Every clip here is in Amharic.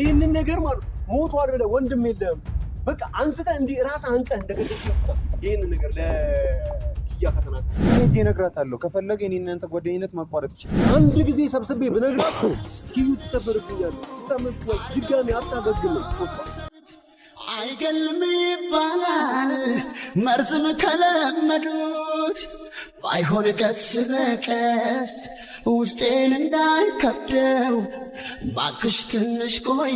ይህንን ነገር ማለት ሞቷል ብለህ ወንድም የለም በቃ አንስተህ እንዲህ ራስህ አንቀህ እንደገደልክ ይህንን ነገር ለኪያ ከተናገ እኔ እነግራታለሁ። ከፈለገ እኔ እናንተ ጓደኝነት ማቋረጥ ይችላል። አንድ ጊዜ ሰብስቤ ብነግራት ኪዩ ትሰበርብኛለህ። ታመጥቷል ድጋሚ አታገግም። አይገልም ይባላል መርዝም ከለመዱት ባይሆን ቀስ በቀስ ውስጤን እንዳይከብደው ባክሽ ትንሽ ቆይ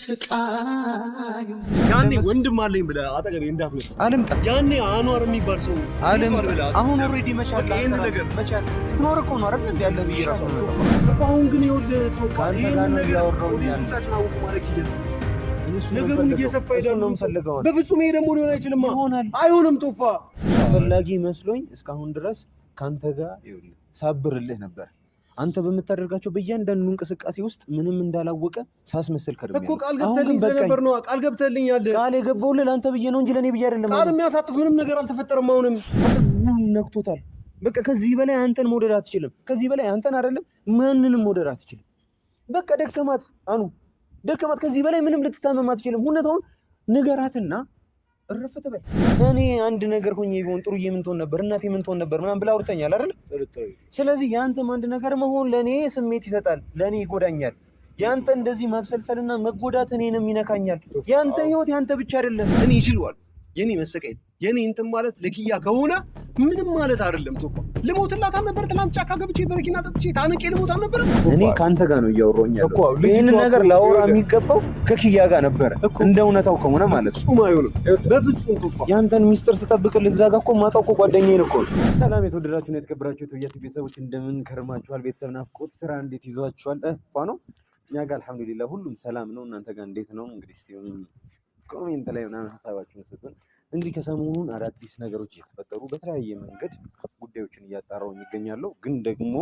ስቃዩ ያኔ ወንድም አለኝ ብለህ አጠገቤ እንዳትመጣ አልምጣ። ያኔ አኗር የሚባል ሰው አሁን ኦልሬዲ ስትኖር እኮ ነው አይደል ያለ አሁን ግን ነገሩን እየሰፋ ሄዳል። በፍጹም ይሄ ደግሞ ሊሆን አይችልም። አይሆንም ቶፋ መስሎኝ እስካሁን ድረስ ከአንተ ጋር ይኸውልህ ሳብርልህ ነበር። አንተ በምታደርጋቸው በእያንዳንዱ እንቅስቃሴ ውስጥ ምንም እንዳላወቀ ሳስመስል ከርሜ እኮ ቃል ገብተልኝ ስለነበር ነው። ቃል ገብተልኛል። ቃል የገባሁልህ ለአንተ ብዬ ነው እንጂ ለእኔ ብዬ አይደለም። ቃል የሚያሳጥፍ ምንም ነገር አልተፈጠረም። አሁንም ነክቶታል። በቃ ከዚህ በላይ አንተን መውደድ አትችልም። ከዚህ በላይ አንተን አይደለም ማንንም መውደድ አትችልም። በቃ ደከማት፣ አኑ ደከማት። ከዚህ በላይ ምንም ልትታመም አትችልም። እውነታውን ንገራትና እርፍ እኔ አንድ ነገር ሆኜ ቢሆን ጥሩዬ የምንትሆን ትሆን ነበር፣ እናቴ ምን ትሆን ነበር ምናምን ብላ አውርተኛል አይደል? ስለዚህ የአንተም አንድ ነገር መሆን ለእኔ ስሜት ይሰጣል፣ ለእኔ ይጎዳኛል። የአንተ እንደዚህ መብሰልሰልና መጎዳት እኔንም ይነካኛል። የአንተ ህይወት የአንተ ብቻ አይደለም። እኔ ይችለዋል የኔ መሰቃየት የኔ እንትን ማለት ለኪያ ከሆነ ምንም ማለት አይደለም። ቶባ ልሞትላታም ነበር። ትናንት ጫካ ገብቼ በረኪና ጠጥቼ ታንቄ ልሞታም ነበር። እኔ ከአንተ ጋር ነው እያወራሁኝ ይህን ነገር ለአውራ የሚገባው ከኪያ ጋር ነበረ፣ እንደ እውነታው ከሆነ ማለት ነው። በፍጹም ቶባ የአንተን ሚስጥር ስጠብቅል እዛ ጋ እኮ የማውጣው እኮ ጓደኛዬን እኮ ነው። ሰላም የተወደዳችሁና የተከበራችሁ የቶያት ቤተሰቦች እንደምን ከርማችኋል? ቤተሰብ ናፍቆት ስራ እንዴት ይዟችኋል? ነው እኛ ጋር አልሐምዱሊላ ሁሉም ሰላም ነው። እናንተ ጋር እንዴት ነው? እንግዲህ ኮሜንት ላይ ምናምን ሀሳባችሁን ስጡን። እንግዲህ ከሰሞኑን አዳዲስ ነገሮች እየተፈጠሩ በተለያየ መንገድ ጉዳዮችን እያጣራው ይገኛለሁ። ግን ደግሞ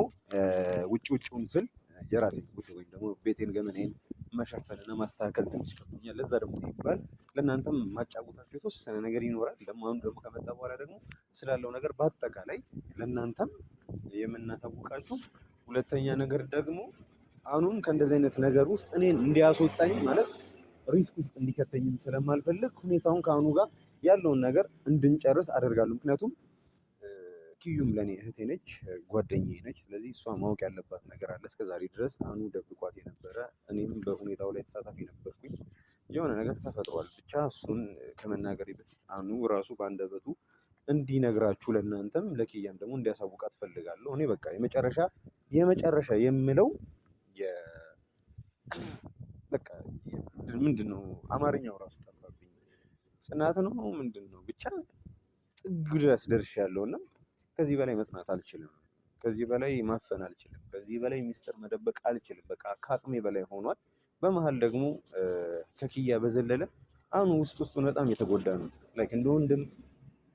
ውጭ ውጭውን ስል የራሴን ጉዳይ ወይም ደግሞ ቤቴን ገመናዬን መሸፈንና ማስተካከል ትንሽ ከብዶኛል። ለዛ ደግሞ ሲባል ለእናንተም ማጫወታችሁ የተወሰነ ነገር ይኖራል። ደግሞ አሁን ደግሞ ከመጣ በኋላ ደግሞ ስላለው ነገር በአጠቃላይ ለእናንተም የምናሳውቃችሁ። ሁለተኛ ነገር ደግሞ አሁኑም ከእንደዚህ አይነት ነገር ውስጥ እኔን እንዲያስወጣኝ ማለት ሪስክ ውስጥ እንዲከተኝም ስለማልፈልግ ሁኔታውን ከአሁኑ ጋር ያለውን ነገር እንድንጨርስ አደርጋለሁ። ምክንያቱም ኪዩም ለእኔ እህቴ ነች፣ ጓደኛዬ ነች። ስለዚህ እሷ ማወቅ ያለባት ነገር አለ። እስከዛሬ ድረስ አኑ ደብቋት የነበረ እኔም በሁኔታው ላይ ተሳታፊ ነበርኩኝ። የሆነ ነገር ተፈጥሯል። ብቻ እሱን ከመናገር በፊት አኑ ራሱ በአንደበቱ እንዲነግራችሁ ለእናንተም ለኪያም ደግሞ እንዲያሳውቃ ትፈልጋለሁ። እኔ በቃ የመጨረሻ የመጨረሻ የምለው በቃ ምንድን ነው አማርኛው ራሱ ጽናት ነው ምንድን ነው ብቻ ጥግ ድረስ ደርሻለሁ እና ከዚህ በላይ መጽናት አልችልም። ከዚህ በላይ ማፈን አልችልም። ከዚህ በላይ ሚስጥር መደበቅ አልችልም። በቃ ከአቅሜ በላይ ሆኗል። በመሀል ደግሞ ከኪያ በዘለለ አሁን ውስጥ ውስጡን በጣም የተጎዳ ነው። ላይክ እንደ ወንድም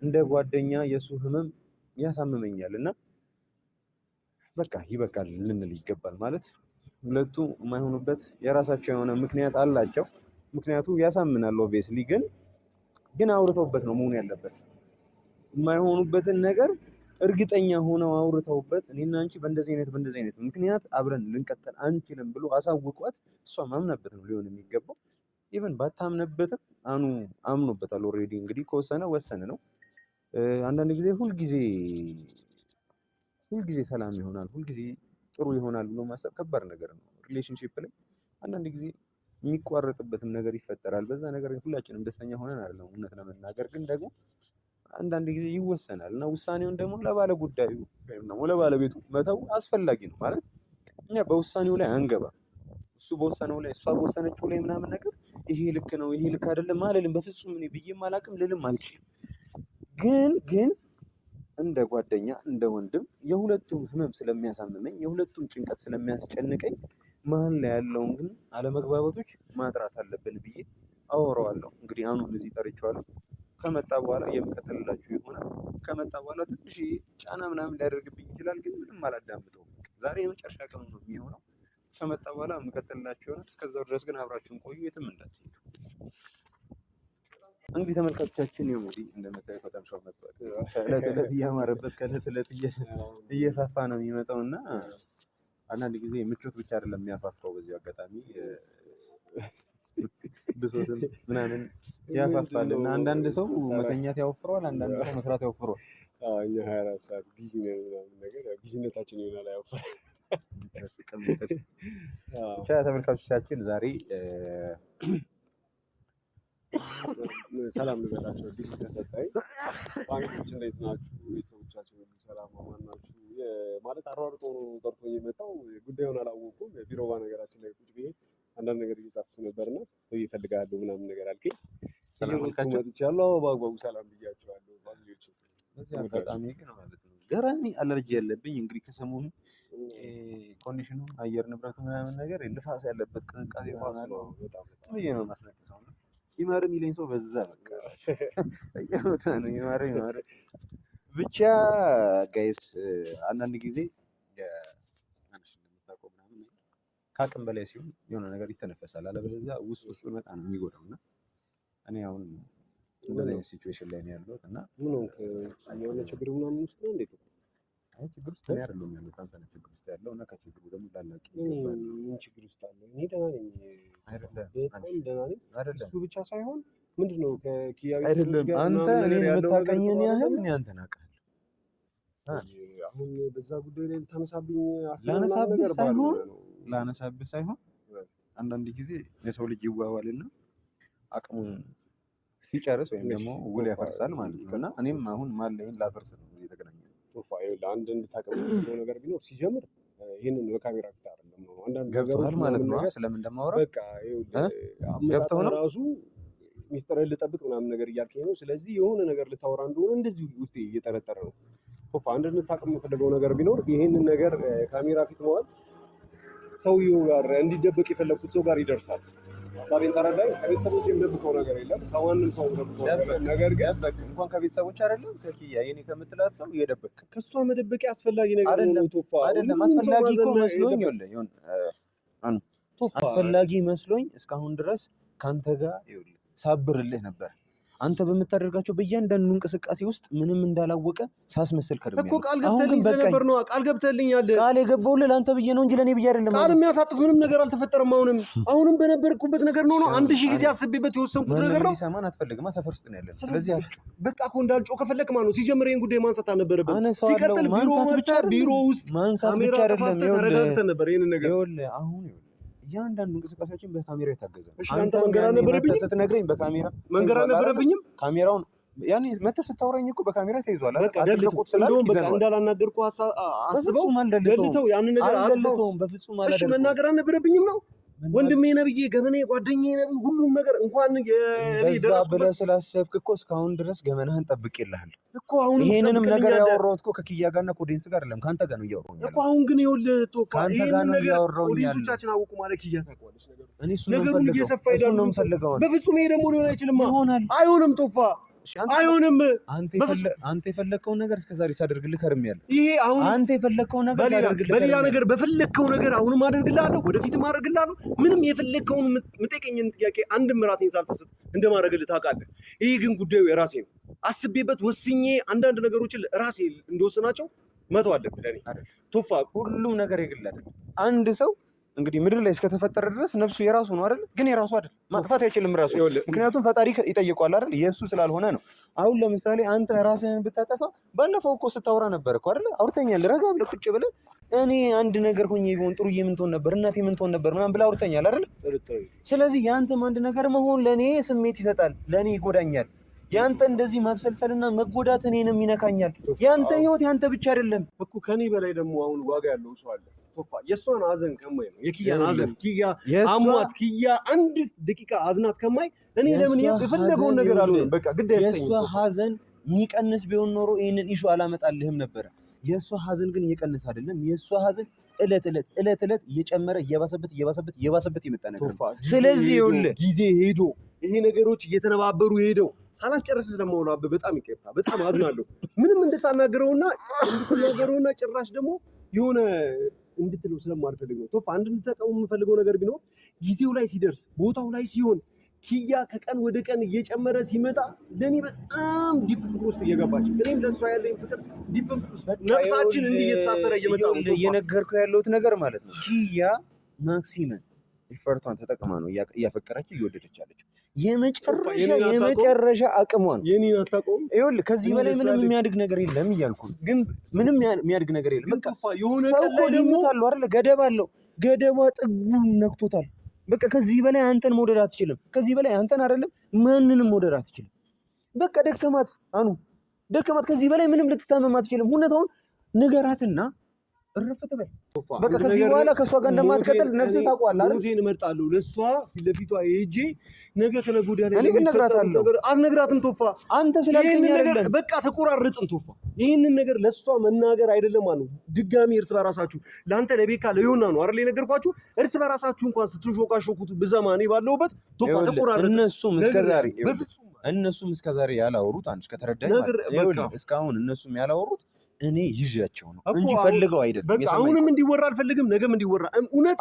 እንደ ጓደኛ የእሱ ህመም ያሳምመኛል እና በቃ ይበቃል ልንል ይገባል። ማለት ሁለቱ የማይሆኑበት የራሳቸው የሆነ ምክንያት አላቸው። ምክንያቱ ያሳምናል ኦብቪየስሊ ግን ግን አውርተውበት ነው መሆን ያለበት። የማይሆኑበትን ነገር እርግጠኛ ሆነው አውርተውበት እኔና አንቺ በእንደዚህ አይነት በእንደዚህ አይነት ምክንያት አብረን ልንቀጠል አንችልም ብሎ አሳውቋት፣ እሷ ማምናበት ነው ሊሆን የሚገባው። ኢቨን ባታምነበትም አኑ አምኖበታል። ኦልሬዲ እንግዲህ ከወሰነ ወሰነ ነው። አንዳንድ ጊዜ ሁልጊዜ ሁልጊዜ ሰላም ይሆናል፣ ሁልጊዜ ጥሩ ይሆናል ብሎ ማሰብ ከባድ ነገር ነው ሪሌሽንሺፕ ላይ አንዳንድ ጊዜ የሚቋረጥበትም ነገር ይፈጠራል። በዛ ነገር ሁላችንም ደስተኛ ሆነን አይደለም እውነት ለመናገር ግን ደግሞ አንዳንድ ጊዜ ይወሰናል እና ውሳኔውን ደግሞ ለባለ ጉዳዩ ወይም ደግሞ ለባለቤቱ መተው አስፈላጊ ነው። ማለት እኛ በውሳኔው ላይ አንገባም። እሱ በወሰነው ላይ እሷ በወሰነችው ላይ ምናምን ነገር ይሄ ልክ ነው ይሄ ልክ አይደለም አልልም። በፍጹም እኔ ብዬም አላቅም ልልም አልችልም። ግን ግን እንደ ጓደኛ እንደ ወንድም የሁለቱም ህመም ስለሚያሳምመኝ የሁለቱም ጭንቀት ስለሚያስጨንቀኝ መሀል ላይ ያለውን ግን አለመግባባቶች ማጥራት አለብን ብዬ አወራዋለሁ። እንግዲህ አኑን እዚህ ጠርቼዋለሁ። ከመጣ በኋላ የምቀጥልላችሁ ይሆናል። ከመጣ በኋላ ትንሽ ጫና ምናምን ሊያደርግብኝ ይችላል፣ ግን ምንም አላዳምጠውም። ዛሬ የመጨረሻ ቀኑ ነው የሚሆነው። ከመጣ በኋላ የምቀጥልላችሁ ይሆናል። እስከዛው ድረስ ግን አብራችሁን ቆዩ፣ የትም እንዳትሄዱ። እንግዲህ ተመልካቾቻችን ይኸው እንግዲህ እንደምታዩት በጣም ሰው መጥቷል። ከዕለት እለት እያማረበት ከእለት እለት እየፋፋ ነው የሚመጣው እና አንዳንድ ጊዜ ምቾት ብቻ አይደለም የሚያሳፍረው በዚህ አጋጣሚ ብሶትም ምናምን ያፋፋል እና አንዳንድ ሰው መተኛት ያወፍረዋል፣ አንዳንድ ሰው መስራት ያወፍረዋል። እኛ ሀያ አራት ሰዓት ቢዚ ነው ምናምን ነገር ቢዝነታችን ይሆናል አያወፍራል። ብቻ ተመልካቾቻችን ዛሬ ሰላም ልበላቸው ዲስ ተሰጣይ ባንኮች እንዴት ናችሁ? ቤተሰቦቻችን ሁሉ ሰላም ናችሁ? ማለት አሯርጦ ነው ጠርቶ የመጣው ጉዳዩን አላወቁም። ቢሮባ ነገራችን ላይ ቁጭ ብዬ አንዳንድ ነገር እየጻፍኩ ነበር ሰው እፈልግሃለሁ ምናምን ነገር አልከኝ። መጥቻለሁ። በአግባቡ ሰላም ብያቸዋለሁ። ባንኮች በዚህ አጋጣሚ ግን ማለት ነው ገራሚ አለርጂ ያለብኝ እንግዲህ ከሰሞኑ ኮንዲሽኑ አየር ንብረቱ ምናምን ነገር ንፋስ ያለበት ቅዝቃዜ ሆናለ ነው ማስነቅሰው ነው ይማር የሚለኝ ሰው በዛ በቃ ነው። ይማር ይማር ብቻ ጋይስ፣ አንዳንድ ጊዜ ከአቅም በላይ ሲሆን የሆነ ነገር ይተነፈሳል። አለበለዚያ ውስጥ ውስጥ መጣ ነው የሚጎዳው እና እኔ አሁን እንደዚህ አይነት ላይ ነው ያለሁት እና ምን ሆንክ የሆነ ችግር ምናምን ውስጥ ነው እንዴት ችግር ውስጥ አይደለሁም ያለሁት አንተ ነህ ችግር ውስጥ ያለው እና ከችግሩ ደግሞ ላላቅ ይገባል። ምን ችግር ውስጥ አለ? እኔ ደህና ነኝ፣ በጣም ደህና ነኝ። እሱ ብቻ ሳይሆን ምንድን ነው ከኪያ አይደለም አንተ እኔ የምታቀኝን ያህል እኔ አንተን አውቃለሁ። አሁን በዛ ጉዳይ ላይ ልታነሳብኝ ላነሳብህ ሳይሆን ላነሳብህ ሳይሆን አንዳንድ ጊዜ የሰው ልጅ ይዋዋልና አቅሙ ሲጨርስ ወይም ደግሞ ውል ያፈርሳል ማለት ነው እና እኔም አሁን ማለይን ላፈርስ ነው ፕሮፋይል አንድ እንድታቀም ነገር ቢኖር ሲጀምር ይህንን በካሜራ ፊት አይደለም ነው አንዳንድ ገብቶሃል ማለት ነው። ስለምን እንደማወራ በቃ ገብተው ነው ራሱ ሚስጥርህን ልጠብቅ ምናምን ነገር እያልከኝ ነው። ስለዚህ የሆነ ነገር ልታወራ እንደሆነ እንደዚህ ውስጤ እየጠረጠረ ነው። ቶፋ አንድ እንድታቅም የምፈልገው ነገር ቢኖር ይህንን ነገር ካሜራ ፊት መዋል ሰውየው ጋር እንዲደበቅ የፈለግኩት ሰው ጋር ይደርሳል። ሀሳቤን ተረዳኝ። ከቤተሰቦች የምደብቀው ነገር የለም፣ ከማንም ሰው ደብቀው ነገር ግን እንኳን ከቤተሰቦች አይደለም ከኪያ የኔ ከምትላት ሰው እየደበቅ ከእሷ መደበቂያ አስፈላጊ ነገር ነው። ቶፋ አይደለም አስፈላጊ እኮ መስሎኝ ለ አስፈላጊ መስሎኝ እስካሁን ድረስ ከአንተ ጋር ሳብርልህ ነበር አንተ በምታደርጋቸው በእያንዳንዱ እንቅስቃሴ ውስጥ ምንም እንዳላወቀ ሳስመስል ከርሜ እኮ ቃል ገብተልኝ ስለነበር ነው። ቃል ገብተልኛል። ቃል የገባሁልህ ለአንተ ብዬ ነው እንጂ ለእኔ ብዬ አይደለም። ቃል የሚያሳጥፍ ምንም ነገር አልተፈጠረም። አሁንም አሁንም በነበርኩበት ነገር ነው ነው አንድ ሺህ ጊዜ አስቤበት የወሰንኩት ነገር ነው። ሰማን አትፈልግም። ሰፈር ውስጥ ነው ያለን። ስለዚህ አትጮ በቃ እኮ እንዳልጮ ከፈለግ ማለት ነው። ሲጀምር ይህን ጉዳይ ማንሳት አልነበረብህም። ሲቀጥል ቢሮ ብቻ ቢሮ ውስጥ ማንሳት ብቻ አይደለም። ተረጋግተን ነበር ይህንን ነገር አሁን እያንዳንዱ እንቅስቃሴያችን በካሜራ የታገዘ ነው። አንተ ስትነግረኝ በካሜራ መንገር አልነበረብኝም። ካሜራውን ያኔ መተህ ስታወራኝ እኮ በካሜራ ተይዟል። እንደውም በቃ እንዳላናገርኩህ አስበው ያንን ነገር በፍጹም መናገር አልነበረብኝም ነው ወንድሜ ነብዬ፣ ገመና ጓደኛዬ ነብዬ፣ ሁሉም ነገር እንኳን በዛ ብለህ ስላሰብክ እኮ እስካሁን ድረስ ገመናህን ጠብቄልሃል እኮ። አሁን ይሄንንም ነገር ያወራሁት እኮ ከኪያ ጋርና ኮዴንስ ጋር አይደለም ከአንተ ጋር ነው እያወራሁ እኮ። አሁን ግን ይኸውልህ ቶካ፣ ይሄንን ነገር ኮዴንሶቻችን አወቁ ማለት ኪያ ታውቀዋለች ነገሩ። ነገሩን ነው ይሄዳል። በፍጹም ይሄ ደግሞ ሊሆን አይችልም። አይሆንም ቶፋ አይሆንም። አንተ የፈለግከውን ነገር እስከዛሬ ሳደርግልህ ከርሜያለሁ። ይሄ አሁን አንተ የፈለግከውን ነገር ሳደርግልህ በሌላ ነገር በፈለግከው ነገር አሁንም አደርግልሃለሁ፣ ወደፊትም አደርግልሃለሁ። ምንም የፈለግከውን የምጠይቀኝን ጥያቄ አንድም ራሴን ሳልሰስት እንደማደርግልህ ታውቃለህ። ይሄ ግን ጉዳዩ የራሴ ነው። አስቤበት ወስኜ አንዳንድ ነገሮችን ራሴ እንደወስናቸው መተው አለብህ። ለእኔ ቶፋ፣ ሁሉም ነገር የግል አይደለም። አንድ ሰው እንግዲህ ምድር ላይ እስከተፈጠረ ድረስ ነፍሱ የራሱ ነው አይደል? ግን የራሱ አይደል፣ ማጥፋት አይችልም ራሱ። ምክንያቱም ፈጣሪ ይጠይቋል አይደል? የእሱ ስላልሆነ ነው። አሁን ለምሳሌ አንተ ራስህን ብታጠፋ፣ ባለፈው እኮ ስታወራ ነበር እኮ አይደል? አውርተኛል። ረጋ ብለህ ቁጭ ብለህ እኔ አንድ ነገር ሆኜ ቢሆን ጥሩዬ ምን ትሆን ነበር፣ እናቴ ምን ትሆን ነበር ምናምን ብለህ አውርተኛል አይደል? ስለዚህ የአንተም አንድ ነገር መሆን ለእኔ ስሜት ይሰጣል፣ ለእኔ ይጎዳኛል ያንተ እንደዚህ መብሰልሰልና መጎዳት እኔንም ይነካኛል። ያንተ ህይወት ያንተ ብቻ አይደለም እኮ ከኔ በላይ ደግሞ አሁን ዋጋ ያለው ሰው አለ። ቶፋ የእሷን አዘን ከማይ ነው የኪያን አዘን ኪያ አሟት ኪያ አንድ ደቂቃ አዝናት ከማይ እኔ ለምን የፈለገውን ነገር አልሆነም። በቃ ግድ ያስጠኝ። የእሷ ሀዘን የሚቀንስ ቢሆን ኖሮ ይህንን ኢሹ አላመጣልህም ነበረ። የእሷ ሀዘን ግን እየቀነሰ አይደለም። የእሷ ሀዘን እለት እለት እለት እለት እየጨመረ እየባሰበት እየባሰበት እየባሰበት የመጣ ነገር ስለዚህ ይኸውልህ ጊዜ ሄዶ ይሄ ነገሮች እየተነባበሩ ሄደው ሳላስጨርስ ስለመሆኑ አብ በጣም ይቀርታ በጣም አዝናለሁ። ምንም እንድታናገረውና እንድትናገረውና ጭራሽ ደግሞ የሆነ እንድትለው ስለማልፈልግ ነው። ቶፕ አንድ እንድታቀሙ የምፈልገው ነገር ቢኖር ጊዜው ላይ ሲደርስ ቦታው ላይ ሲሆን ኪያ ከቀን ወደ ቀን እየጨመረ ሲመጣ ለእኔ በጣም ዲፕ ፍቅር ውስጥ እየገባች እኔም ለእሷ ያለኝ ፍቅር ዲፕ ፍቅር ውስጥ ነፍሳችን እንዲህ እየተሳሰረ እየመጣ ነው። እየነገርኩ ያለሁት ነገር ማለት ነው ኪያ ማክሲምን ሪፈርቷን ተጠቅማ ነው እያፈቀረችው እየወደደች ያለችው። የመጨረሻ የመጨረሻ አቅሟ ነው። የኔን አታውቀውም። ይኸውልህ ከዚህ በላይ ምንም የሚያድግ ነገር የለም እያልኩ ግን ምንም የሚያድግ ነገር የለም። በቃ ሰው እኮ ሊሞት አለው አይደለ? ገደብ አለው። ገደቧ ጥጉን ነክቶታል። በቃ ከዚህ በላይ አንተን መውደድ አትችልም። ከዚህ በላይ አንተን አይደለም ማንንም መውደድ አትችልም። በቃ ደከማት አኑ ደከማት። ከዚህ በላይ ምንም ልትታመም አትችልም። እውነታውን ንገራትና እርፍ ትበል። በቃ ከዚህ በኋላ ከእሷ ጋር እንደማትቀጥል ነፍሴ ታውቀዋለህ አይደል? እመርጣለሁ። ለእሷ ፊት ለፊቷ ሂጄ ነገ ከነገ ወዲያ እኔ ግን እነግራታለሁ። አልነግራትም ቶፋ፣ አንተ ስላልከኝ አይደለም። በቃ ተቆራርጥን ቶፋ። ይህንን ነገር ለእሷ መናገር አይደለም አሉ ድጋሚ እርስ በራሳችሁ ለአንተ ለቤካ ለዮና ነው አይደል የነገርኳችሁ። እርስ በራሳችሁ እንኳን ስትሾካሾኩት ብሰማ እኔ ባለሁበት ቶፋ ተቆራርጥን። እነሱም እስከዛሬ እነሱም እስከዛሬ ያላወሩት አንቺ ከተረዳኝ እስካሁን እነሱም ያላወሩት እኔ ይዣቸው ነው እንጂ ፈልገው አይደለም። አሁንም እንዲወራ አልፈልግም፣ ነገም እንዲወራ እውነት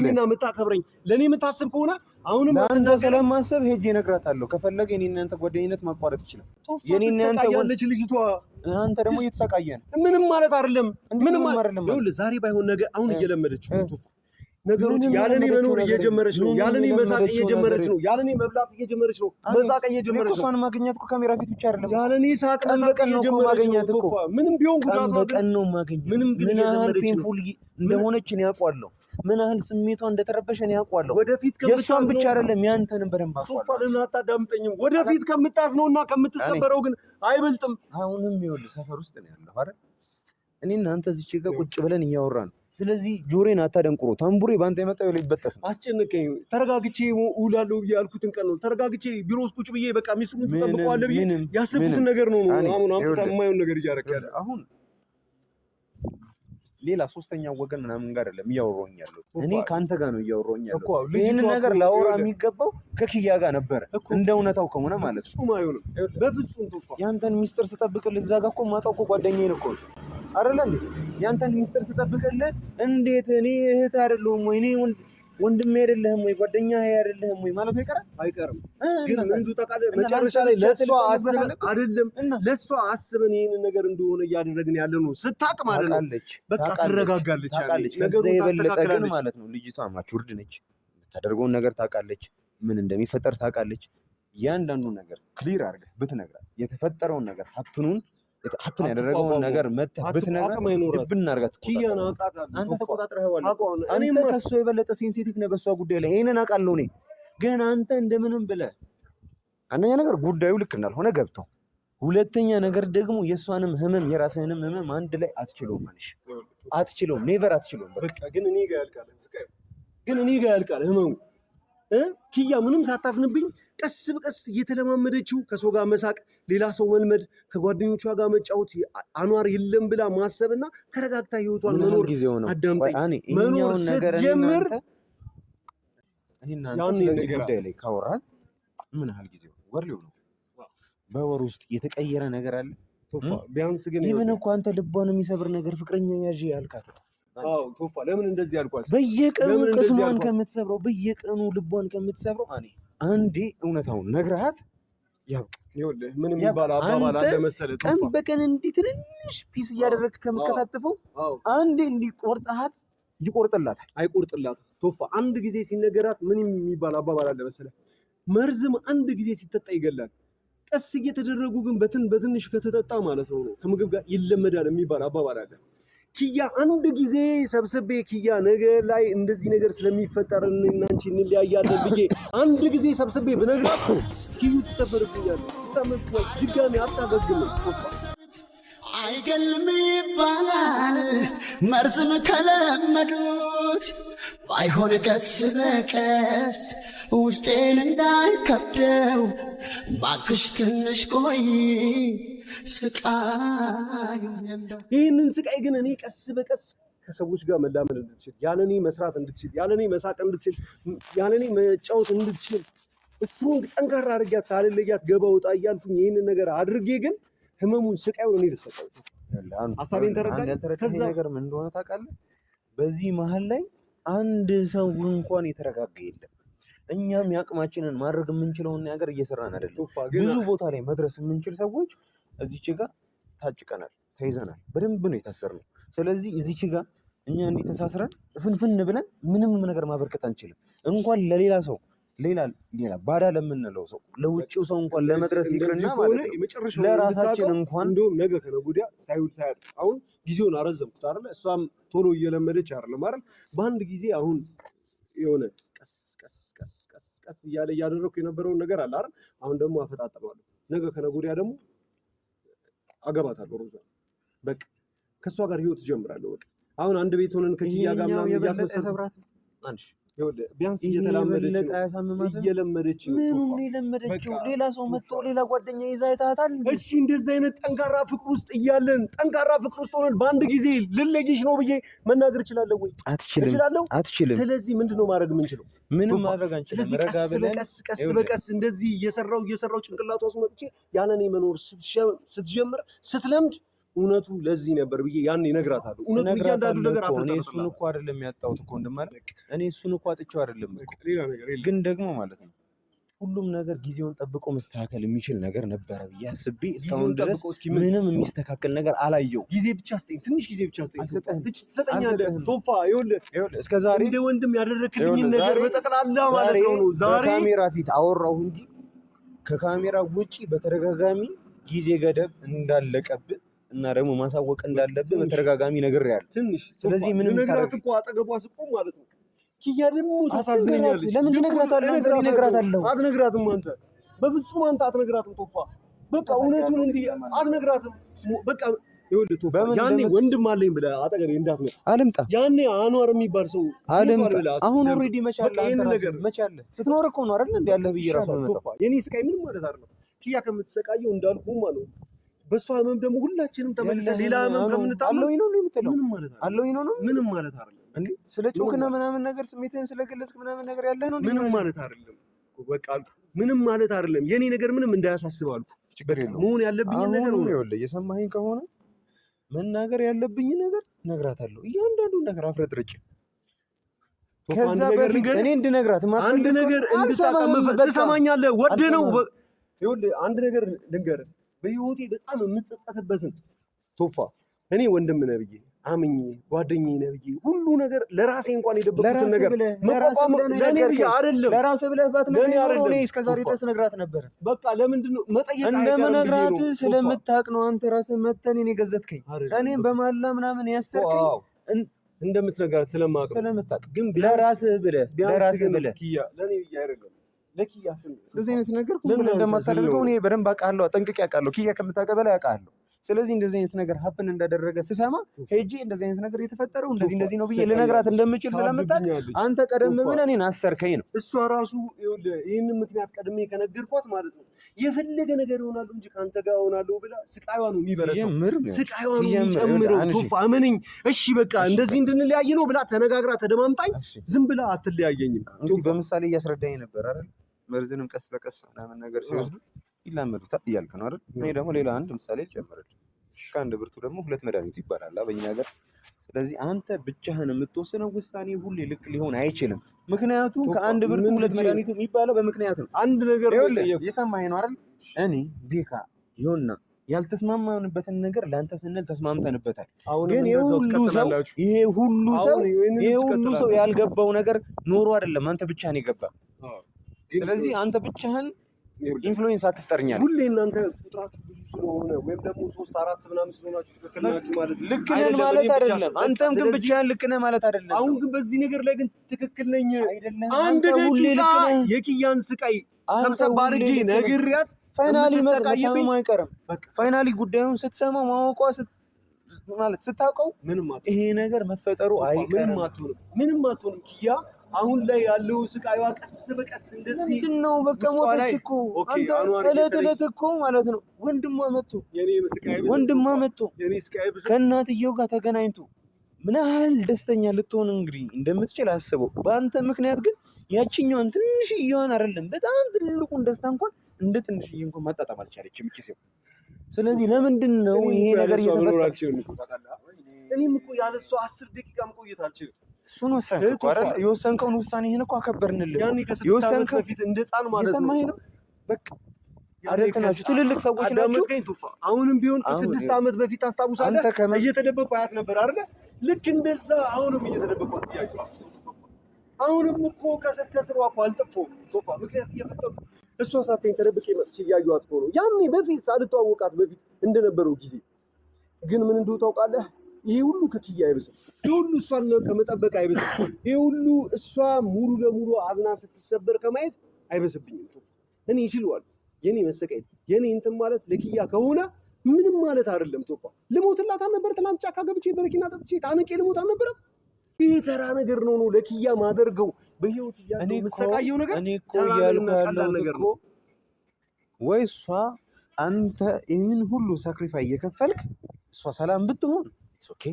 እኔና የምታከብረኝ ለእኔ የምታስብ ከሆነ አሁንም ለአንተ ስለማሰብ ሄጄ እነግራታለሁ። ከፈለገ የኔና እናንተ ጓደኝነት ማቋረጥ ይችላል። የኔና እናንተ ወለች ልጅቷ አንተ ደግሞ እየተሰቃየ ምንም ማለት አይደለም። ምንም አይደለም። ዛሬ ባይሆን ነገ አሁን እየለመደችው ነገሮች ያለኔ መኖር እየጀመረች ነው። ያለኔ መሳቅ እየጀመረች ነው። ያለኔ መብላት እየጀመረች ነው። መሳቅ እየጀመረች ነው። ማግኘት እኮ ካሜራ ፊት ብቻ አይደለም። ያለኔ ሳቅ መሳቅ እየጀመረች ነው። ማግኘት እኮ ምንም ቢሆን ጉዳት በቀን ነው ማግኘት። ምንም ምን ያህል ፔንፉል እንደሆነች እኔ አውቀዋለሁ። ምን ያህል ስሜቷ እንደተረበሸ እኔ አውቀዋለሁ። ወደፊት የእሷን ብቻ አይደለም ያንተንም በደንብ ሶፋ አታዳምጠኝም። ወደፊት ከምታዝነውና ከምትሰበረው ግን አይበልጥም። አሁንም ይኸውልህ ሰፈር ውስጥ ነው ያለው አይደል? እኔና አንተ እዚህ ጋር ቁጭ ብለን እያወራን ነው ስለዚህ ጆሮዬን አታደንቁሮ። ታምቡሬ በአንተ የመጣ ይኸውልህ ይበጠስ። አስጨነቀኝ። ተረጋግቼ ውላለሁ ብዬ ያልኩትን ቀን ነው። ተረጋግቼ ቢሮ ውስጥ ቁጭ ብዬ በቃ ሚስቱን ትጠብቀዋለህ ብዬ ያሰብኩትን ነገር ነው። ነው አሁን የማየውን ነገር እያደረክ ያለ አሁን ሌላ ሶስተኛ ወገን ምናምን ጋር አይደለም እያወራሁኝ ያለሁት እኔ ከአንተ ጋር ነው እያወራሁኝ ያለሁት። ይህንን ነገር ላወራ የሚገባው ከኪያ ጋር ነበረ እንደ እውነታው ከሆነ ማለት ነው። በፍጹም የአንተን ሚስጥር ስጠብቅልህ እዛ ጋር እኮ ማጣው እኮ ጓደኛዬን እኮ ነው አይደለ እንዴ? ያንተን ሚስጥር ስጠብቅልህ እንዴት እኔ እህት አይደለሁም ወይ? እኔ ወንድሜ አይደለህም ወይ? ጓደኛ አይደለህም ወይ ማለት አይቀርም አይቀርም። ግን ምንዱ ጠቃለ መጨረሻ ላይ ለእሷ አስበን አይደለም ለእሷ አስበን ይህንን ነገር እንደሆነ እያደረግን ያለ ነው። ስታቅ ማለት ነው በቃ ትረጋጋለች፣ ያለች ነገሩ ታስተካክላለች ማለት ነው። ልጅቷ ማቹርድ ነች፣ የምታደርገውን ነገር ታውቃለች፣ ምን እንደሚፈጠር ታውቃለች። እያንዳንዱ ነገር ክሊር አድርገህ ብትነግራት የተፈጠረውን ነገር ሀፕኑን ሀፕን ያደረገውን ነገር መተህ ብትነግራት ድብን አድርጋት አንተ ተቆጣጥረኸዋል። አንተ ከእሷ የበለጠ ሴንሲቲቭ ነህ በሷ ጉዳይ ላይ። ይሄንን አውቃለሁ እኔ ግን አንተ እንደምንም ብለህ አንደኛ ነገር ጉዳዩ ልክ እንዳልሆነ ገብተው፣ ሁለተኛ ነገር ደግሞ የእሷንም ህመም የራስህንም ህመም አንድ ላይ አትችለውም። ማለሽ አትችለውም፣ ኔቨር አትችለውም። በቃ ግን እኔ ጋር ያልቃል፣ ግን እኔ ጋር ያልቃል ህመሙ ኪያ ምንም ሳታፍንብኝ ቀስ በቀስ እየተለማመደችው ከሰው ጋር መሳቅ፣ ሌላ ሰው መልመድ፣ ከጓደኞቿ ጋር መጫወት፣ አኗር የለም ብላ ማሰብ እና ተረጋግታ ህይወቷን መኖር አዳምጠኝ መኖር ስትጀምር ጉዳይ ላይ ካወራን ምን ያህል ጊዜ ወር ሊሆን ነው? በወር ውስጥ የተቀየረ ነገር አለ? ቢያንስ ግን ይህን እኮ አንተ ልቧን የሚሰብር ነገር ፍቅረኛ ያዥ ያልካት ቶፋ፣ ለምን እንደዚህ አልኳት? በየቀኑ ቅስሟን ከምትሰብረው በየቀኑ ልቧን ከምትሰብረው እኔ አንዴ እውነታውን ነግረሃት ያብቅ። ምን የሚባል አባባል አለ መሰለህ? ቀን በቀን እንዲህ ትንንሽ ፒስ እያደረግህ ከምትከታተፈው አንዴ እንዲህ ቆርጠሃት ይቆርጥላታል። አይቆርጥላትም። ቶፋ አንድ ጊዜ ሲነገራት ምን የሚባል አባባል አለ መሰለህ? መርዝም አንድ ጊዜ ሲጠጣ ይገላል። ቀስ እየተደረጉ ግን በትን በትንሽ ከተጠጣ ማለት ነው ከምግብ ጋር ይለመዳል የሚባል አባባል አለ። ኪያ አንድ ጊዜ ሰብስቤ ኪያ ነገ ላይ እንደዚህ ነገር ስለሚፈጠር እናንቺ እንለያያለን ብዬ አንድ ጊዜ ሰብስቤ ብነግራት ኪዩ ትሰበርብኛለች። ታመጥቷል። ድጋሚ አታገግም። አይገልም ይባላል መርዝም ከለመዱት ባይሆን ቀስ በቀስ ውስጤን እንዳይከብደው ባክሽ ትንሽ ቆይ ይህንን ስቃይ ግን እኔ ቀስ በቀስ ከሰዎች ጋር መላመድ እንድትችል ያለኔ መስራት እንድትችል ያለኔ መሳቅ እንድትችል ያለኔ መጫወት እንድትችል ስትሮንግ ጠንካራ አድርጊያት ሳልለያት ገባ ወጣ እያልኩኝ ይህንን ነገር አድርጌ ግን ህመሙን ስቃዩን እኔ ልሰጠው። ሀሳቤን ተረዳኸኝ ነገር ምን እንደሆነ ታውቃለህ? በዚህ መሀል ላይ አንድ ሰው እንኳን የተረጋጋ የለም። እኛም የአቅማችንን ማድረግ የምንችለውን ነገር እየሰራን አይደለም። ብዙ ቦታ ላይ መድረስ የምንችል ሰዎች እዚች ጋር ታጭቀናል፣ ተይዘናል። በደንብ ነው የታሰርነው። ስለዚህ እዚች ጋር እኛ እንዲህ ተሳስረን ፍንፍን ብለን ምንም ነገር ማበርከት አንችልም። እንኳን ለሌላ ሰው ሌላ ሌላ ባዳ ለምንለው ሰው ለውጭው ሰው እንኳን ለመድረስ ይቅርና ማለት ነው ለራሳችን እንኳን እንደውም ነገ ከነገ ወዲያ ሳይውል ሳያድር አሁን ጊዜውን አረዘምኩት አይደለ? እሷም ቶሎ እየለመደች አይደለም ማለት በአንድ ጊዜ አሁን የሆነ ቀስ ቀስ ቀስ ቀስ ቀስ እያለ እያደረኩ የነበረውን ነገር አለ አይደል? አሁን ደግሞ አፈጣጥሯለሁ። ነገ ከነገ ወዲያ ደግሞ አገባታለሁ ሮዛ በቃ ከእሷ ጋር ህይወት ጀምራለሁ በቃ አሁን አንድ ቤት ሆነን ከኪያ ጋር ምናምን እያስመሰልኩ ቢያንስ እየተላመደች እየለመደች ምኑን የለመደችው? ሌላ ሰው መጥቶ ሌላ ጓደኛ ይዛ አይታታል። እሺ እንደዚህ አይነት ጠንካራ ፍቅር ውስጥ እያለን ጠንካራ ፍቅር ውስጥ ሆነን በአንድ ጊዜ ልለጊሽ ነው ብዬ መናገር እችላለሁ ወይ? አትችልም፣ አትችልም። ስለዚህ ምንድን ነው ማድረግ የምንችለው? ምንም ማድረግ አንችልም። ረጋ ብለን ስለዚህ ቀስ ቀስ በቀስ እንደዚህ እየሰራው እየሰራው ጭንቅላቷ ውስጥ መጥቼ ያለ እኔ መኖር ስትጀምር ስትለምድ እውነቱ ለዚህ ነበር ብዬ ያን እነግራታለሁ። እውነቱ እያንዳንዱ ነገር እኔ እሱን እኮ አይደለም ያጣሁት እኮ እንደማለት እኔ እሱን እኮ አጥቼው አይደለም እኮ ግን ደግሞ ማለት ነው ሁሉም ነገር ጊዜውን ጠብቆ መስተካከል የሚችል ነገር ነበረ ብዬ አስቤ እስካሁን ድረስ ምንም የሚስተካከል ነገር አላየው። ጊዜ ብቻ ስጠኝ፣ ትንሽ ጊዜ ብቻ ስጠኝ። ትሰጠኛለህ ቶፋ። ይኸውልህ እስከ ዛሬ እንደ ወንድም ያደረክልኝ ነገር በጠቅላላ ማለት ነው ዛሬ ካሜራ ፊት አወራሁ እንጂ ከካሜራ ውጪ በተደጋጋሚ ጊዜ ገደብ እንዳለቀብህ እና ደግሞ ማሳወቅ እንዳለብህ በተደጋጋሚ ነግሬሃለሁ። ትንሽ ስለዚህ ምንም ነግራት እኮ አጠገቧ ስቆም ማለት ነው። ኪያ ደግሞ ታሳዝኛለች። ለምን ትነግራታለህ? አትነግራትም። አንተ በፍጹም አንተ አትነግራትም። ቶፋ በቃ እውነቱን እንዲህ አትነግራትም። በቃ ያኔ ወንድም አለኝ ብለህ አጠገቤ እንዳትመጣ አልምጣ። ያኔ አኗር የሚባል ሰው አልምጣ። አሁን ኦልሬዲ መቻለ መቻለ ስትኖር እኮ ነው አይደል? ያለህ ስቃይ ምንም ማለት አይደለም። ኪያ ከምትሰቃየው ነው በእሷ ህመም ደግሞ ሁላችንም ተመልሰን ሌላ ህመም ከምንጣለው ነው የምትለው። ምንም ማለት አለው ነው ነው ምንም ማለት አይደለም እንዴ ስለ ጮክና ምናምን ነገር ስሜትህን ስለገለጽክ ምናምን ነገር ያለ ነው ምንም ማለት አይደለም። በቃ ምንም ማለት አይደለም። የኔ ነገር ምንም እንዳያሳስብ አልኩ። ችግር የለውም። መሆን ያለብኝ ነገር ነው። ያለ። እየሰማኸኝ ከሆነ መናገር ያለብኝ ነገር እነግራታለሁ። እያንዳንዱ ነገር አፍረት ርጭ ከዛ በፊት እኔ እንድነግራት አንድ ነገር እንድታቀመፈ ትሰማኛለህ? ወደ ነው ይኸውልህ አንድ ነገር ልንገርህ በህይወቴ በጣም የምጸጸትበትን ቶፋ እኔ ወንድም ነህ ብዬ አምኜ ጓደኛዬ ነህ ብዬ ሁሉ ነገር ለራሴ እንኳን የደበቁትን ነገር መቋቋም ለእኔ ብዬ አይደለም ለራሴ ብለህ ባትነግረኝ ኖሮ እኔ እስከዛሬ ድረስ ነግራት ነበር። በቃ ለምንድን ነው መጠየቅ እንደምነግራት ስለምታውቅ ነው። አንተ ራስህ መተን እኔ ገዘትከኝ። እኔም በማላ ምናምን ያሰርከኝ እንደምትነግራት ስለማውቅ ስለምታውቅ ግን ለራስህ ብለህ ለራስህ ብለህ ለእኔ ብዬ አይደለም እንደዚህ አይነት ነገር ሁሉ እንደማታደርገው እኔ በደንብ አውቃለሁ፣ ጠንቅቄ አውቃለሁ። ኪያ ከምታውቀው በላይ አውቃለሁ። ስለዚህ እንደዚህ አይነት ነገር ሀፕን እንዳደረገ ስሰማ ሄጂ እንደዚህ አይነት ነገር የተፈጠረው እንደዚህ እንደዚህ ነው ብዬ ልነግራት እንደምችል ስለምታውቅ አንተ ቀደም ብለህ እኔን አሰርከኝ ነው። እሷ ራሱ ይህንን ምክንያት ቀድሜ ከነገርኳት ማለት ነው የፈለገ ነገር ይሆናሉ እንጂ ከአንተ ጋር እሆናለሁ ብላ ስቃይዋ ነው የሚበረታው፣ ስቃይዋ ነው የሚጨምረው። ቶፋ አመነኝ። እሺ በቃ እንደዚህ እንድንለያይ ነው ብላ ተነጋግራ ተደማምጣኝ፣ ዝም ብላ አትለያየኝም። እንግዲህ በምሳሌ እያስረዳኝ ነበር አይደል መርዝንም ቀስ በቀስ ምናምን ነገር ሲወስዱ ይላመዱታል እያልክ ነው አይደል? እኔ ደግሞ ሌላ አንድ ምሳሌ ልጨምርልህ። ከአንድ ብርቱ ደግሞ ሁለት መድኃኒቱ ይባላል በእኛ ሀገር። ስለዚህ አንተ ብቻህን የምትወስነው ውሳኔ ሁሌ ልክ ሊሆን አይችልም። ምክንያቱም ከአንድ ብርቱ ሁለት መድኃኒቱ የሚባለው በምክንያት ነው። አንድ ነገር የሰማኸኝ ነው አይደል? እኔ ቤካ ይሁንና ያልተስማማንበትን ነገር ለአንተ ስንል ተስማምተንበታል። ግን ይሄ ሁሉ ሰው ይሄ ሁሉ ሰው ይሄ ሁሉ ሰው ያልገባው ነገር ኖሮ አይደለም አንተ ብቻህን የገባ ስለዚህ አንተ ብቻህን ኢንፍሉዌንስ አትፍጠርኛል። ሁሌ እናንተ ቁጥራችሁ ብዙ ስለሆነ ወይም ደግሞ ሶስት አራት ምናምን ስለሆናችሁ ትክክል ናችሁ ማለት ልክ ነን ማለት አይደለም። አንተም ግን ብቻህን ልክ ነህ ማለት አይደለም። አሁን ግን በዚህ ነገር ላይ ግን ትክክል ነኝ። አንድ ደቂቃ የኪያን ስቃይ ሰብሰብ አድርጌ ነግሪያት ፋይናሊ መጣየብኝ አይቀርም። ፋይናሊ ጉዳዩን ስትሰማ ማወቋ ማለት ስታውቀው ምንም ይሄ ነገር መፈጠሩ አይቀርም። ምንም አትሆንም። ምንም አትሆንም ኪያ አሁን ላይ ያለው ስቃይዋ ቀስ በቀስ እንደዚህ ምንድን ነው? በቃ ሞተች እኮ አንተ እለት እለት እኮ ማለት ነው። ወንድሟ መጥቶ ወንድሟ መጥቶ ከእናትየው ጋር ተገናኝቶ ምን ያህል ደስተኛ ልትሆን እንግዲህ እንደምትችል አስበው። በአንተ ምክንያት ግን ያችኛዋን ትንሽዬዋን አይደለም በጣም ትልቁን ደስታ እንኳን እንደ ትንሽዬ እንኳን ማጣጣም አልቻለችም እቺ ሴት። ስለዚህ ለምንድን ነው ይሄ ነገር እየተፈጠረ? እኔም እኮ ያለ እሷ አስር ደቂቃ መቆየት አልችልም። እሱን ወሰንክ አይደል? የወሰንከውን ይሄን እኮ አከበርንልህ። የወሰንከው በፊት እንደ ህፃን ማለት ነው። በቃ አደልት ናችሁ፣ ትልልቅ ሰዎች ናችሁ። አሁንም ቢሆን ከስድስት ዓመት በፊት ታስታውሳለህ? እየተደበቁ አያት ነበር አይደለ? ልክ እንደዛ አሁንም እየተደበቁ ጥያቄ አሁንም እኮ ከስር ከስር እኮ አልጠፋሁም። ቶፋ ምክንያት እየፈጠሩ እሷ ሳትኝ ተደብቄ መጥቼ እያየኋት እኮ ነው። ያኔ በፊት ሳልተዋወቃት በፊት እንደነበረው ጊዜ ግን ምን እንደው ታውቃለህ ይሄ ሁሉ ክፍያ አይበዛም። ይሄ ሁሉ እሷን ከመጠበቅ አይበዛም። ይሄ ሁሉ እሷ ሙሉ ለሙሉ አዝና ስትሰበር ከማየት አይበስብኝም። እኔ ይችለዋል። የኔ መሰቃየት የኔ እንትን ማለት ለኪያ ከሆነ ምንም ማለት አይደለም። ቶፋ ልሞትላታም ነበር። ትናንት ጫካ ገብቼ በረኪና ጠጥቼ ታነቄ ልሞታም ነበር። ይሄ ተራ ነገር ነው ነው ለኪያ ማደርገው በህይወት እያለው መሰቃየው ነገር እኔ እኮ እያልኩ ያለሁት እኮ ወይ እሷ አንተ ይህን ሁሉ ሳክሪፋይ እየከፈልክ እሷ ሰላም ብትሆን ኦኬ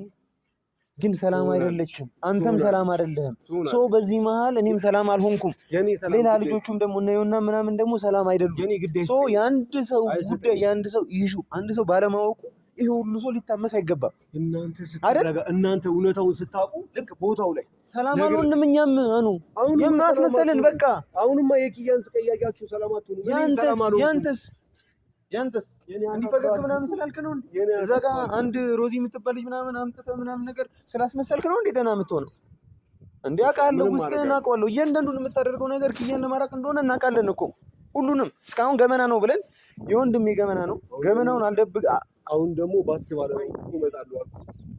ግን ሰላም አይደለችም። አንተም ሰላም አይደለህም። ሶ በዚህ መሀል እኔም ሰላም አልሆንኩም። ሌላ ልጆቹም ደግሞ እናየውና ምናምን ደግሞ ሰላም አይደሉም። ሶ የአንድ ሰው ጉዳይ የአንድ ሰው ይሹ አንድ ሰው ባለማወቁ ይሄ ሁሉ ሰው ሊታመስ አይገባም። እናንተ ስትረጋ እናንተ እውነታውን ስታውቁ ልክ ቦታው ላይ ሰላም አልሆንም። እኛም አኑ የማስመሰልን በቃ አሁንማ የኪያን ስቀያያችሁ ሰላማችሁ ነው ያንተስ ያንተስ እንዲህ ፈገግ ምናምን ስላልክ ነው እንዴ? እዛ ጋ አንድ ሮዚ የምትባል ልጅ ምናምን አምጥተ ምናምን ነገር ስላስመሰልክ ነው እንዴ ደህና የምትሆነው? እንዲ አውቃለሁ፣ ውስጥህ እናውቀዋለሁ። እያንዳንዱን የምታደርገው ነገር ክያን ለማራቅ እንደሆነ እናውቃለን እኮ ሁሉንም። እስካሁን ገመና ነው ብለን የወንድሜ ገመና ነው ገመናውን አልደብቅ። አሁን ደግሞ ባስብ ይመጣሉ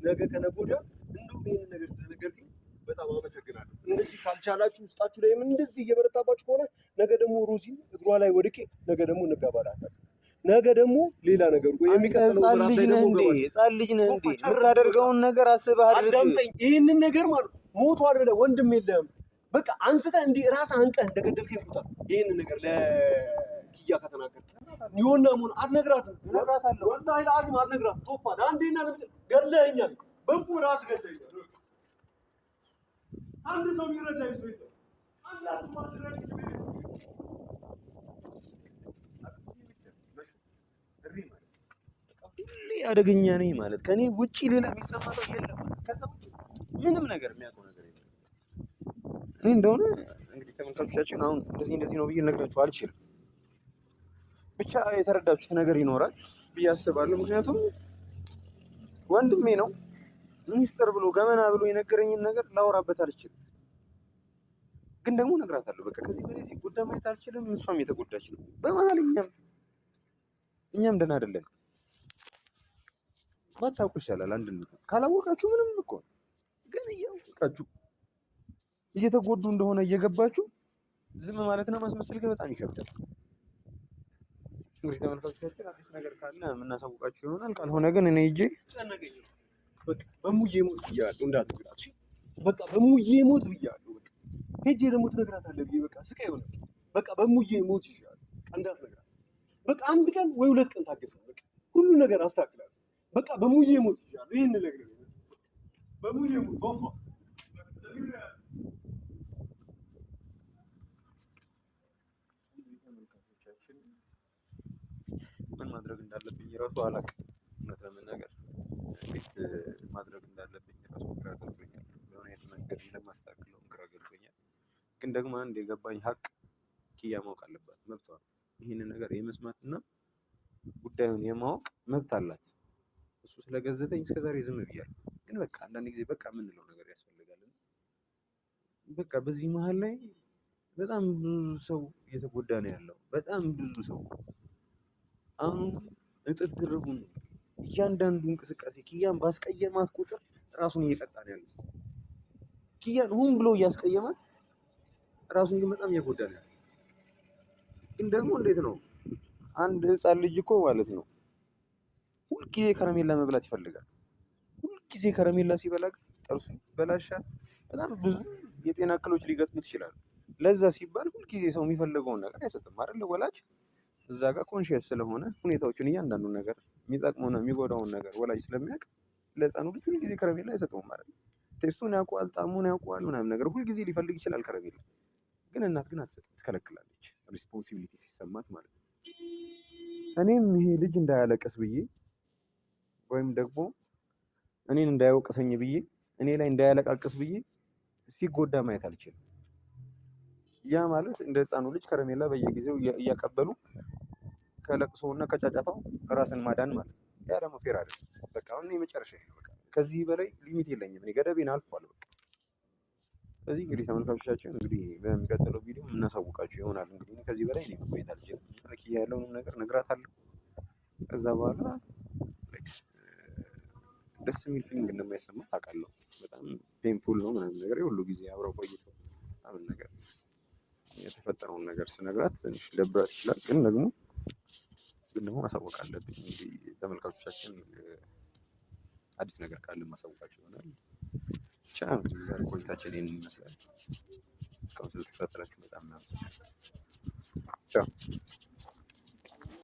ነገ ከነገ ወዲያ። እንደውም ይህንን ነገር ስለነገርከኝ በጣም አመሰግናለሁ። እንደዚህ ካልቻላችሁ ውስጣችሁ ላይም እንደዚህ እየበረታባችሁ ከሆነ ነገ ደግሞ ሮዚ እግሯ ላይ ወድቄ ነገ ደግሞ እንጋባላታለን። ነገ ደግሞ ሌላ ነገር እኮ የሚቀጥለው ምዕራፍ ላይ ደግሞ ህፃን ልጅ ነህ እንዴ? የምታደርገውን ነገር አስበህ አዳምጠኝ። ይህንን ነገር ማለት ሞቷል ብለህ ወንድም የለህም በቃ አንስተህ እንዲህ ራስህ አንቀህ እንደገደልክ ይፍታል። ይህንን ነገር ለኪያ ከተናገር ይሆና መሆን አትነግራትም። ወላሂ ለአዚም አትነግራትም። ቶፋ አንዴና ለምት ገለኸኛል። በቁ ራስ ገለኸኛል። አንድ ሰው የሚረዳ ይዞ ይዘ አንድ ሰው ማድረግ አደገኛ ነኝ ማለት ከኔ ውጪ ሌላ የሚሰማው የለም። ከዛ ውጪ ምንም ነገር የሚያውቀው ነገር የለም። እኔ እንደሆነ እንግዲህ ተመልካቾቻችን አሁን እንደዚህ እንደዚህ ነው ብዬ ነግራችሁ አልችልም። ብቻ የተረዳችሁት ነገር ይኖራል ብዬ አስባለሁ። ምክንያቱም ወንድሜ ነው ሚስጥር ብሎ ገመና ብሎ የነገረኝን ነገር ላወራበት አልችልም። ግን ደግሞ እነግራታለሁ። በቃ ከዚህ በላይ ሲጎዳ ማየት አልችልም። እሷም የተጎዳች ነው። በመሀል እኛም እኛም ደህና አይደለንም። ባታውቁ ይሻላል። ነገር ካላወቃችሁ ምንም እኮ ግን እያወቃችሁ እየተጎዱ እንደሆነ እየገባችሁ ዝም ማለትና ማስመሰል ግን በጣም ይከብዳል። እንግዲህ ተመልካቾቻችን አዲስ ነገር ካለ የምናሳውቃችሁ ይሆናል። ካልሆነ ግን እኔ ሂጄ በቃ በሙዬ ሞት ብያለሁ እንዳትነግራት፣ በቃ በሙዬ ሞት ብያለሁ። በቃ ሄጄ ደግሞ ትነግራታለህ ብዬ በቃ ስቃይ ሆነ። በቃ በሙዬ ሞት ይሻላል እንዳትነግራት። በቃ አንድ ቀን ወይ ሁለት ቀን ታገስ፣ በቃ ሁሉ ነገር አስተካክላለሁ። በቃ በሙዬ ሞት ይሻላል። ይሄን ነገር በሙዬ ሞት ቦፎ ምን ማድረግ እንዳለብኝ ራሱ አላውቅም። እውነት ለመናገር እንዴት ማድረግ እንዳለብኝ ራሱ ግራ ገብቶኛል። የሆነ አይነት መንገድ እንደማስተካክለው ግራ ገብቶኛል። ግን ደግሞ አንድ የገባኝ ሀቅ ኪያ ማወቅ አለባት፣ መብቷ ነው። ይህንን ነገር የመስማትና ጉዳዩን የማወቅ መብት አላት። እሱ ስለገዘተኝ እስከዛሬ ዝም ብያለሁ። ግን በቃ አንዳንድ ጊዜ በቃ የምንለው ነገር ያስፈልጋል። በቃ በዚህ መሀል ላይ በጣም ብዙ ሰው እየተጎዳ ነው ያለው። በጣም ብዙ ሰው አሁን እጥፍ ድርቡን እያንዳንዱ እንቅስቃሴ ኪያን ባስቀየማት ቁጥር ራሱን እየቀጣ ነው ያለው። ኪያን ሁን ብሎ እያስቀየማት ራሱን ግን በጣም እየጎዳ ነው ያለው። ግን ደግሞ እንዴት ነው አንድ ህፃን ልጅ እኮ ማለት ነው ሁልጊዜ ከረሜላ መብላት ይፈልጋል። ሁልጊዜ ከረሜላ ሲበላ ጥርሱ ይበላሻል። በጣም ብዙ የጤና እክሎች ሊገጥሙት ይችላሉ። ለዛ ሲባል ሁልጊዜ ሰው የሚፈልገውን ነገር አይሰጥም አይደል? ወላጅ እዛ ጋር ኮንሽየስ ስለሆነ ሁኔታዎችን እያንዳንዱን ነገር የሚጠቅመውን የሚጎዳውን ነገር ወላጅ ስለሚያውቅ ለህፃኑ ልጅ ሁልጊዜ ከረሜላ አይሰጠውም አይደል? ቴስቱን ያውቀዋል፣ ጣዕሙን ያውቀዋል ምናምን ነገር ሁልጊዜ ሊፈልግ ይችላል ከረሜላ። ግን እናት ግን አትሰጥም፣ ትከለክላለች። ሪስፖንሲቢሊቲ ሲሰማት ማለት ነው። እኔም ይሄ ልጅ እንዳያለቀስ ብዬ ወይም ደግሞ እኔን እንዳይወቅሰኝ ብዬ እኔ ላይ እንዳያለቃቅስ ብዬ ሲጎዳ ማየት አልችልም። ያ ማለት እንደ ህፃኑ ልጅ ከረሜላ በየጊዜው እያቀበሉ ከለቅሶ እና ከጫጫታው ራስን ማዳን ማለት ያ ደግሞ ፌር አይደለም። በቃ አሁን የመጨረሻ በቃ ከዚህ በላይ ሊሚት የለኝም እኔ ገደቤን አልፏል። በቃ ስለዚህ እንግዲህ ተመልካቾቻችን እንግዲህ በሚቀጥለው ቪዲዮ የምናሳውቃቸው ይሆናል። እንግዲህ ከዚህ በላይ እኔ መቆየት አልችልም። ያለውንም ነገር ነግራታለሁ። ከዛ በኋላ ደስ የሚል ፊሊንግ እንደማይሰማ ታውቃለህ። በጣም ፔንፉል ነው ምናምን ነገር የሁሉ ጊዜ አብረው ቆይተው ምናምን ነገር የተፈጠረውን ነገር ስነግራት ትንሽ ሊደብራት ይችላል። ግን ደግሞ ግን ደግሞ ማሳወቅ አለብኝ እንግዲህ ተመልካቾቻችን አዲስ ነገር ካለ ማሳወቃቸው ይሆናል። ብቻ እንግዲህ ዛሬ ቆይታችን ይህን ይመስላል። እስካሁን ስለተከታተላችሁ በጣም ነው። ቻው